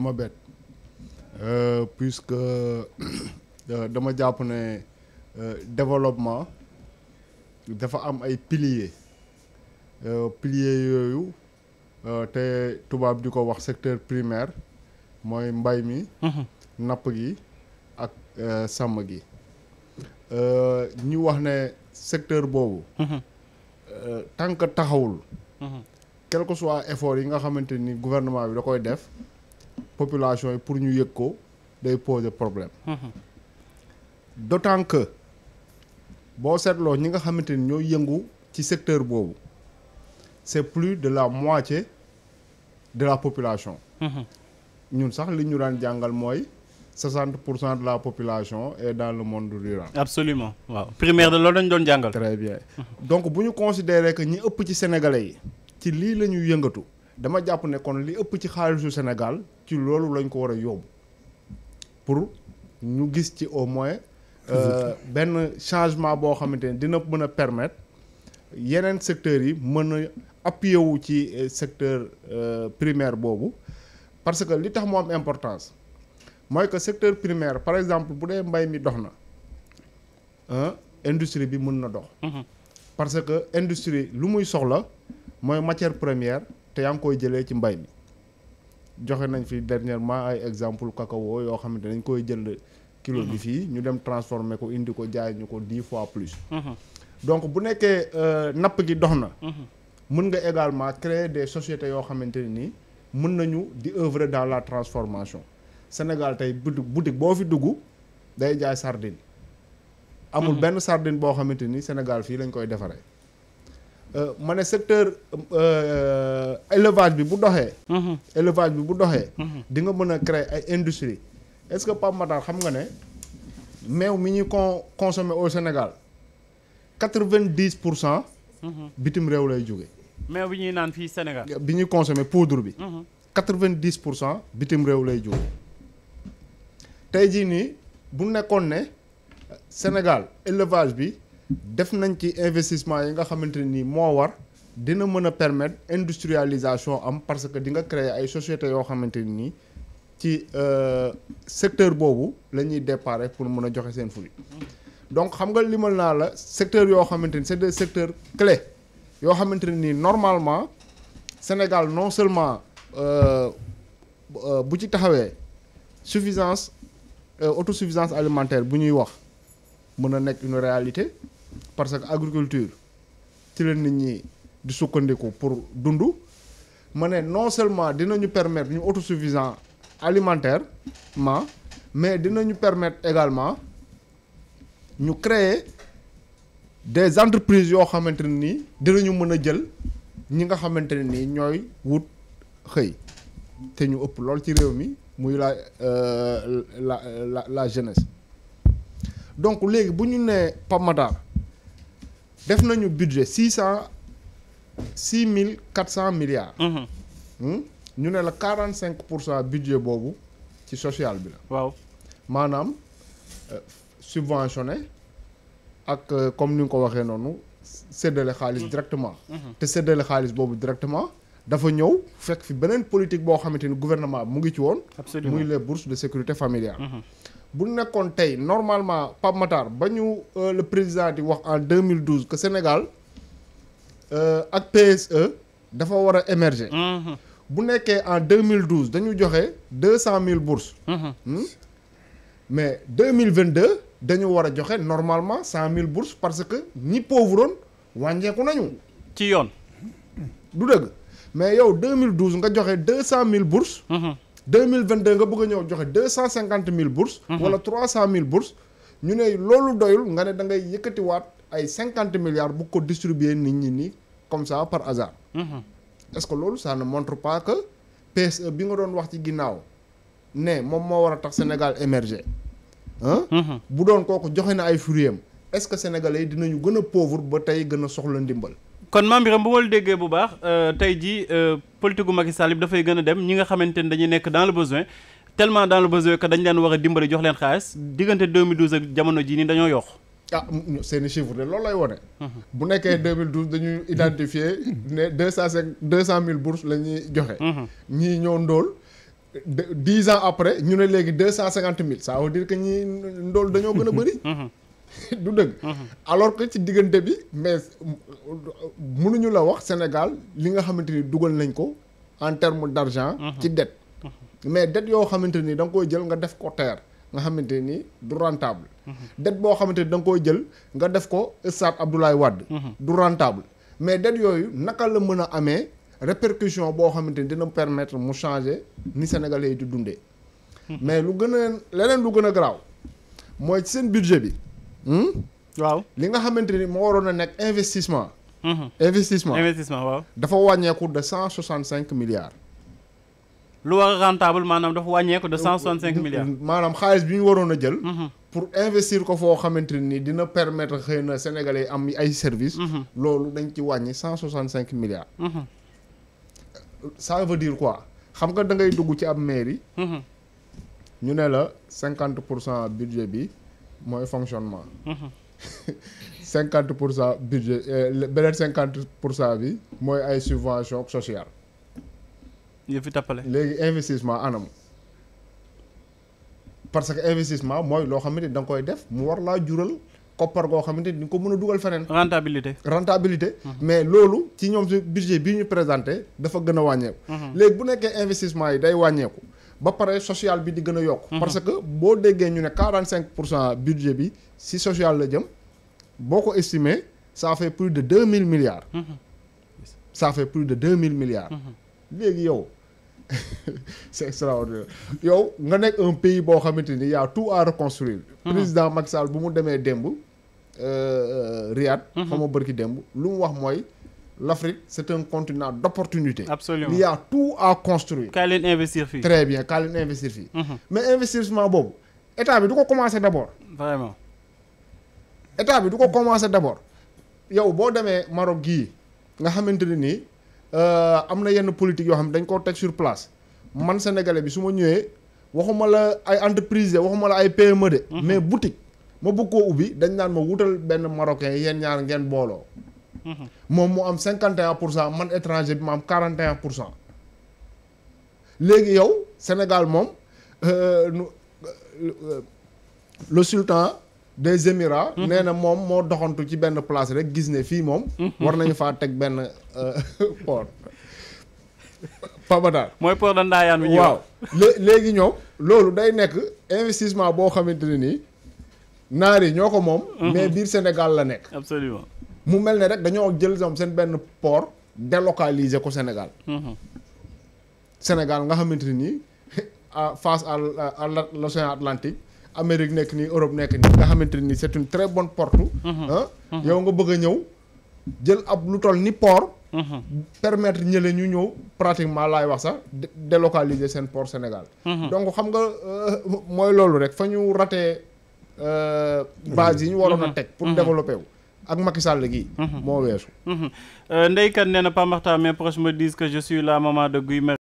du ma bett euh, puisque euh, dama jàpp ne euh, développement dafa am ay piliers piliers yooyu te tubaab di ko wax secteur primaire mooy mbay mi mhm. napp gi ak sàmm gi ñu wax ne secteur boobu mhm. tant que taxawul mhm. quel que effort yi nga xamante ni gouvernement bi da koy def population yi pour ñu yëg ko day poser problème mhm. d'autant que boo seetloo ñi nga xamante ni ñoo yëngu ci secteur boobu c'est plus de la moitié de la population mhm. ñun sax li ñu daan jàngal mooy soixante pour cent de la population e dans le monde rural absolument waaw primaire de loolu dañ doon jàngal très bien mhm. donc bu ñu considérer ñi ëpp ci sénégalais yi ci lii la ñuy yëngatu dama jàpp ne kon li ëpp ci xaalisu Sénégal ci loolu lañ ko war a yóbbu pour ñu gis ci au moins euh, benn changement boo xamante ne dina mën a permettre yeneen secteurs yi mën a appuyer wu ci euh, secteur euh, primaire boobu parce que li tax mu am importance mooy que secteur primaire par exemple bu dee mbay mi dox na industrie bi mën na dox mhm. parce que industrie lu muy soxla mooy matière première te yaa ngi koy jëlee ci mbay mi joxe nañ fi dernièrement ay exemple cacao yoo xamante nañ koy jël kilo bi mhm. fii ñu dem transformer ko indi ko jaay ñu ko dix fois plus mhm. donc bu nekkee euh, napp gi dox na mhm. mën nga également créer des société yoo xamante ne nii mën nañu di œuvrer dans la transformation Sénégal tey boutique boo fi dugg day jaay sardine amul benn sardine boo xamante ni Sénégal fii lañ koy defaree Euh, ma ne secteur euh, élevage bi bu doxee. Mhm. élevage bi bu doxee. Mhm. di nga mën a créer ay industrie est-ce que Pape Matar xam nga ne meew mi ñuy con consommer au Sénégal quatre-vingt-dix pour cent. Mhm. bitim réew lay jóge meew bi ñuy naan fii Sénégal. bi ñuy consommer poudre bi. quatre-vingt-dix pour cent bitim réew lay jóge tey jii nii bu nekkoon ne Sénégal élevage bi. def nañ ci investissement yi nga xamante nii moo war dina mën a permettre industrialisation am parce que di nga créer ay société yoo xamante ne nii ci euh, secteur boobu la ñuy déparé pour mën a joxe seen fruit donc xam nga limal naa la secteur yoo xamante ni c'est des secteurs clés yoo xamante ne nii normalement Sénégal non seulement euh, euh, bu ci taxawee suffisance autosuffisance alimentaire bu ñuy wax mën a nekk une réalité parce que agriculture ci leen nit ñi di sukkandiku pour dundu ma ne non seulement dinañu permettre ñu alimentaire ma mais dinañu permettre également ñu créer des entreprises yoo xamante ne nii dinañu mën a jël ñi nga xamante ne nii ñooy wut xëy te ñu ëpp lool ci réew mi muy la euh, la la la jeunesse donc léegi bu ñu nee Pape def nañu budget six cent six mille quatre cent milliards. Mhm. Hmm? ñu ne la quarante cinq pour cent budget boobu ci social bi la. waaw maanaam euh, subventionné ak euh, comme ni nga ko waxee noonu séddale xaalis mhm. directement. Mhm. te séddale xaalis boobu directement. dafa ñëw fekk fi beneen politique boo xamante ni gouvernement mu ngi ci woon. muy les bourses de sécurité familiale. Mm bu nekkoon tey normalement Pape Matar ba ñu euh, le président di wax en 2012 que Sénégal euh, ak PSE dafa war a émerger. Mm-hmm. bu nekkee en 2012 dañu joxe deux cent 200000 bourses. Mm-hmm. Hmm? mais deux dañu war a joxe normalement cent mille bourses parce que ñi pauvroon wàññeeku nañu. ci yoon. du dëgg mais yow deux mille 2012 nga joxe deux 200000 bourses. Mm-hmm. deux mille vingt deux nga bëgg a ñëw joxe deux cent cinquante mille bourses. Mhm. wala trois cent mille bourses. ñu ne loolu doyul nga ne da ngay yëkkatiwaat ay cinquante milliards bu ko distribuer nit ñi nii comme ça par hasard. Mhm. est-ce que loolu ça ne montre pas e bi nga doon wax ci ginnaaw ne moom moo war a tax Sénégal émerger mhm. bu doon kooku joxe na ay fruits am est-ce que sénégalais dinañu gën a ba tey gën a soxla ndimbal. kon maam Birame bu ma la déggee bu baax euh, tey jii euh, politique gu Macky Sall bi dafay gën a dem ñi nga xamante ni dañuy nekk dans le besoin tellement dans le besoin que dañ leen war a dimbali jox leen xaalis diggante 2012 ak jamono jii nii dañoo yokk. ah seeni chiffre de loolu lay wone mhm. bu nekkee 2012 dañuy identifier ne deux cent cinq cent mille bourses la joxe. Mhm. ñii ñoo ndóol dix ans après ñu ne léegi deux cent cinquante mille ça veut dire que ñii ndóol dañoo gën a bëri. Mhm. du dëgg. Mhm. alors que ci diggante bi mais mënuñu la wax Sénégal li nga xamante ni dugal nañ ko en terme d' argent. Mhm. ci dette. Mhm. mais dette yoo xamante ni da nga koy jël nga def ko terre nga xamante ni du rentable. dette boo xamante ni da nga koy jël nga def ko stade Abdoulaye Wade. du mais dette yooyu naka la mën a amee répercussion boo xamante ni dina permettre mu changer ni sénégalais di dundee. mais lu gën a leneen lu gën a garaaw mooy ci seen budget bi. Hmm? waaw li nga xamante ni moo waroon a nekk investissement. Mhm. investissement investissement waaw. dafa wàññeeku de cent soixante cinq milliards. lu war a rentable maanaam dafa wàññeeku de cent soixante cinq euh, milliards. maanaam xaalis bi ñu waroon a jël. Mhm. pour investir ko foo xamante ni dina permettre xëy na sénégalais am ay services. Mhm. loolu dañ ci wàññi cent soixante cinq milliards. ça veut dire quoi xam nga da dugg ci ab mairie. ñu ne la cinquante pour cent budget bi. mooy fonctionnement. Mhm. cinquante pour cent budget euh, beneen cinquante pour cent bi mooy ay subvention sociale. ñu fi tappale léegi investissement anam. parce que investissement mooy loo xamante ni da nga koy def mu war laa jural koppar goo xamante ni nga ko mën a dugal feneen. rentabilité rentabilité. Mhm. mais loolu ci ñoom si budget bi ñu présenté dafa gën a wàññeeku. Mhm. léegi bu nekkee investissement yi day wàññeeku. ba pare social bi di gën a yokk mhm. parce que boo déggee ñu ne quarante cinq pour cent budget bi si social la jëm boo ko estimé ça fait plus de deux mille milliards mhm. ça fait plus de deux mille milliards mhm. léegi yow yow nga nekk un pays boo xamante ni y'a tout à reconstruire président Macky bu mu demee démb euh, euh, Riyad xama bërki démb lu mu wax mooy l'Afrique c'est un continent d'opportunités. Absolument. il y a tout à construire. kaa leen investir fii. très bien kaa leen investir fii. Mhm. mais investissement boobu état bi du ko commencer d'abord. vraiment. état bi du ko commencer d'abord yow boo demee Maroc gii nga xamante ne nii euh, am na yenn politique yoo xam ne dañ koo teg sur place man sénégale bi su ma ñëwee waxuma la ay entreprise waxuma la ay PME de. Mhm. mais boutique ma bëgg koo ubbi dañ naan ma wutal benn marocain yéen ñaar ngeen booloo. moom mu am cinquante et pour cent man étranger bi ma am quarante et pour cent léegi yow Sénégal moom euh, euh, euh, le sultan des émirats mhm. nee na moom moo doxantu ci benn place rek gis ne fii moom mhm. war nañu fa teg benn port Pabadaal mooy port de Ndayane bi waaw léegi ñoom loolu day nekk investissement boo xamante ne nii naar yi ñoo ko moom mhm. mais biir Sénégal la nekk mu mel ne rek dañoo jël ñoom seen benn port délocaliser ko Sénégal. Mhm. Sénégal nga xamante ne nii face à à l'océan Atlantique Amérique nekk nii Europe nekk nii nga xamante ne nii c'est une très bonne porte. Mhm. Ah, mhm. yow nga bëgg a ñëw jël ab lu toll ni port. permettre ñële ñu ñëw pratiquement lay wax sax délocaliser seen port Sénégal. donc xam nga euh, mooy loolu rek fa ñu raté euh, base yi ñu waroon a teg. pour développer wu. ak Macky Sall gi mhm. moo weesu. Mhm. Euh, Ndeye Kane nee na Pape Makhtar mes proches me je suis la maman de Guy